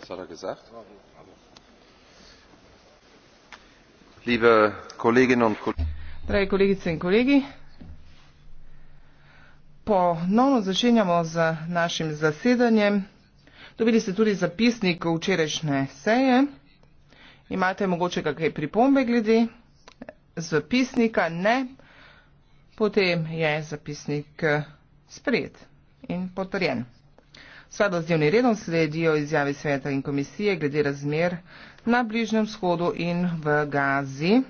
Was hat er gesagt? Liebe Kolleginnen und Kollegen. Drei Kolleginnen und Kollegen. Ponovno začenjamo z našim zasedanjem. Dobili ste tudi zapisnik včerajšnje seje. Imate mogoče kakšne pripombe glede zapisnika? Ne. Potem je zapisnik eh, sprejet in potrjen. Sledo z dnevni redom sledijo izjave sveta in komisije glede razmer na Bližnjem shodu in v Gazi.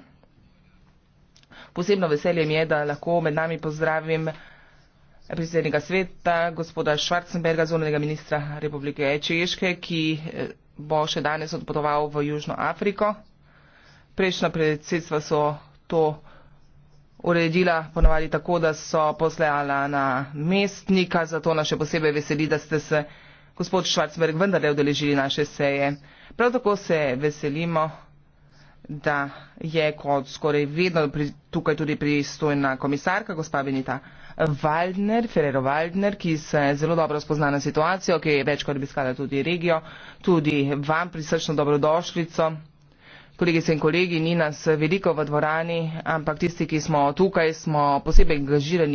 Posebno veselje mi je, da lahko med nami pozdravim predsednika sveta, gospoda Schwarzenberga, zunanega ministra Republike Češke, ki eh, bo še danes odpotoval v Južno Afriko. Prejšnja predsedstva so to uredila ponovadi tako, da so poslejala na mestnika, zato nas še posebej veseli, da ste se, gospod Švarcberg, vendarle odeležili naše seje. Prav tako se veselimo, da je kot skoraj vedno pri, tukaj tudi pristojna komisarka, gospa Benita Waldner, Ferrero Waldner, ki se zelo dobro spozna na situacijo, ki je večkrat obiskala tudi regijo, tudi vam prisrčno dobrodošljico. Kolegice in kolegi, ni nas veliko v dvorani, ampak tisti, ki smo tukaj, smo posebej angažirani.